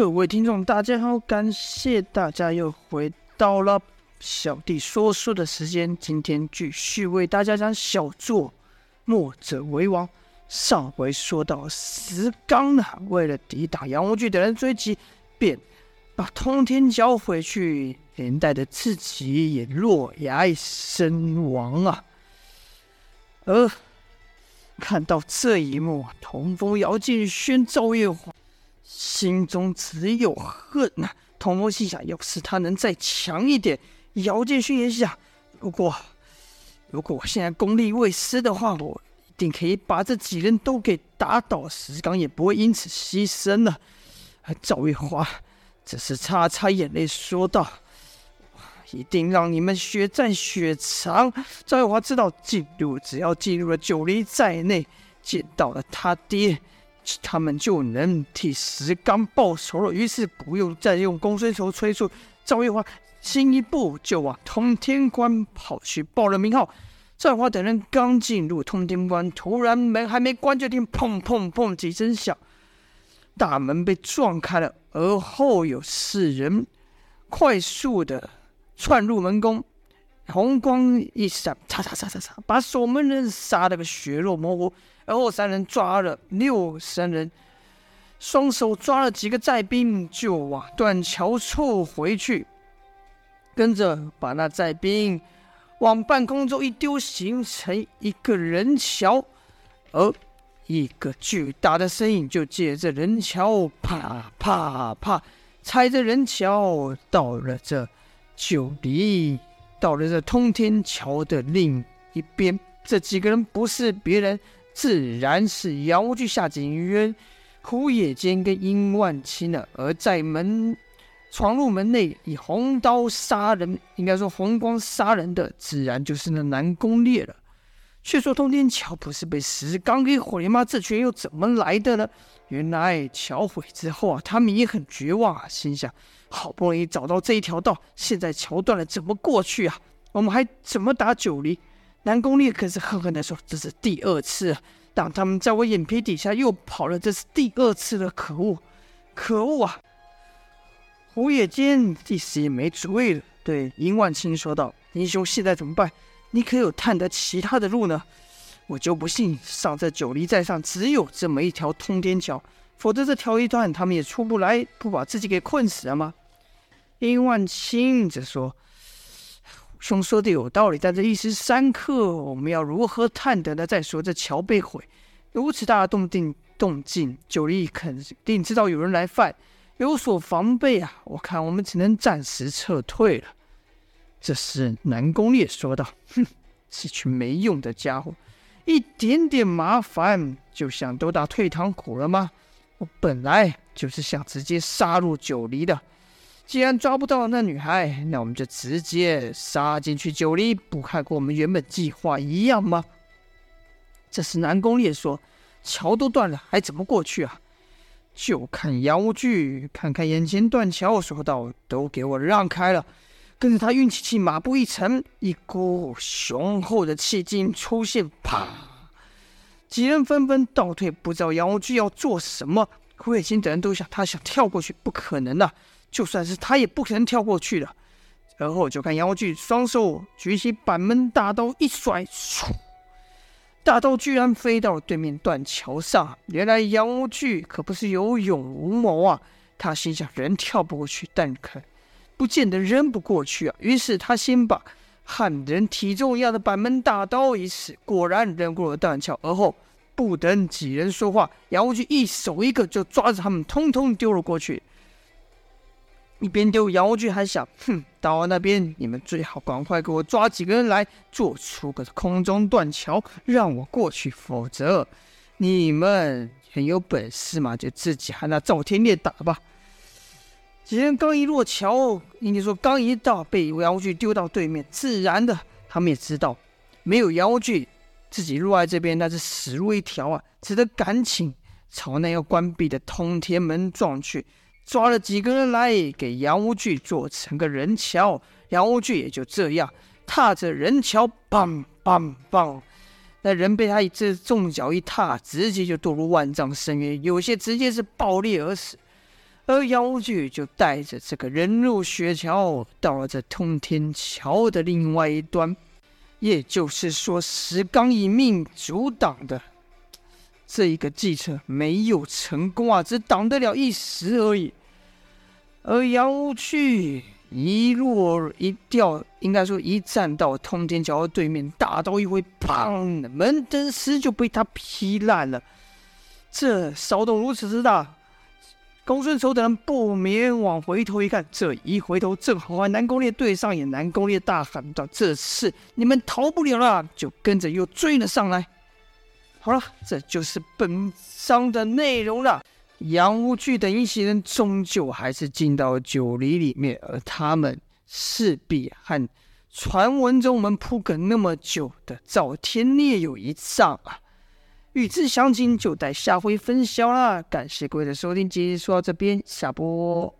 各位聽眾，大家好，感謝大家又回到了小弟說書的時間。今天繼續為大家講小作《墨者為王》。上回說到石剛啊，為了抵擋楊無懼等人追擊，便把通天交回去，連帶着自己也落崖身亡啊。呃，看到這一幕，同風、姚宣軒、趙月華。心中只有恨吶，啊！童風心想，要是他能再強一點。姚建勳也想，如果，如果我現在功力未失的話，我一定可以把這幾人都給打倒，石剛也不會因此犧牲了。而趙玉華只是擦擦眼淚說道：“一定讓你們血債血償。”趙玉華知道，進入只要進入了九黎寨內，見到了他爹，他們就能替石剛報仇了。於是不用再用公孫仇催促趙月華，先一步就往通天關跑去報了名號。趙月華等人剛進入通天關，突然門還沒關，就聽砰砰砰幾聲響，大門被撞開了，而後有四人快速的竄入門宮。紅光一閃，擦擦擦擦擦，把守門人殺了個血肉模糊，然後三人抓了六三人，雙手抓了幾個寨兵，就往斷橋處回去。跟着把那寨兵往半空中一丟，形成一個人橋，而一個巨大的身影就借着人橋，啪啪啪，踩着人橋到了這就離。到了這通天橋的另一邊，這幾個人不是別人，自然是楊無懼、夏錦淵、苦野間跟殷萬頃呢，而在門闖入門內以紅刀殺人，應該說紅光殺人的，自然就是那南宮烈了。卻說通天橋不是被石剛給毀了嗎？這群又怎麼來的呢？原來橋毀之後啊，他們也很絕望啊，心想：好不容易找到這一條道，現在橋斷了，怎麼過去啊？我們還怎麼打九黎？南宮烈可是恨恨地說：“這是第二次，但他們在我眼皮底下又跑了，這是第二次的可惡，可惡啊！”胡野間一時也沒主意了，對尹萬青說道：“英雄，現在怎麼辦？”你可有探得其他的路呢？我就不信，上這九黎寨上只有這麼一條通天橋，否則這條一斷他們也出不來，不把自己給困死了嗎？殷萬清則說：“兄說的有道理，但這一時三刻，我們要如何探得呢？再說這橋被毀，如此大的動靜動靜，九黎肯定知道有人來犯，有所防備啊！我看我們只能暫時撤退了。”這時南宮烈說道：“哼，這群沒用的傢伙，一點點麻煩就想都打退堂鼓了嗎？我本來就是想直接殺入九黎的，既然抓不到那女孩，那我們就直接殺進去九黎，不還跟我們原本計劃一樣嗎？”這時南宮烈說：“橋都斷了，還怎麼過去啊？”就看楊無懼看看眼前斷橋，說道：“都給我讓開了。”跟着他運氣氣，馬步一沉，一股雄厚的氣勁出現，啪！幾人紛紛倒退，不知道楊無懼要做什麼。胡偉金等人都想，他想跳過去，不可能的，就算是他也不可能跳過去的。然後就看楊無懼雙手舉起板門大刀一甩，唰！大刀居然飛到了對面斷橋上。原來楊無懼可不是有勇無謀啊，他心想：人跳不過去，但可。不見得扔不過去啊！於是他先把和人體重一樣的板門大刀一使，果然扔過了斷橋。而後不等幾人說話，楊無懼一手一個就抓着他們，通通丟了過去。一邊丟，楊無懼還想：哼，到那邊，你們最好趕快給我抓幾個人來，做出個空中斷橋讓我過去，否則你們很有本事嘛，就自己和那趙天烈打吧。幾人剛一落橋，應該說剛一到，被楊無懼丟到對面，自然的他們也知道，沒有楊無懼，自己落在這邊那是死路一條啊，只得趕緊朝那要關閉的通天門撞去，抓了幾個人來給楊無懼做成個人橋，楊無懼也就這樣踏着人橋，梆梆梆，那人被他一隻重腳一踏，直接就墮入萬丈深淵，有些直接是爆裂而死。而妖無懼就帶着這個人肉雪橇到了這通天橋的另外一端。也就是說，石剛以命阻擋的這一個計策沒有成功啊，只擋得了一時而已。而妖無懼一落一掉，應該說一站到通天橋的對面，大刀一揮，砰！門燈師就被他劈爛了。這騷動如此之大。公孫仇等人不免往回頭一看，這一回頭正好和南宮烈對上眼。南宮烈大喊道：“這次你們逃不了了！”就跟着又追了上來。好了，這就是本章的內容了。楊無懼等一行人終究還是進到酒樓裡面，而他們勢必和傳聞中我們鋪梗那麼久的趙天烈有一仗啊！欲知詳情，就待下回分曉啦，感謝各位的收聽，今日說到這邊，下播。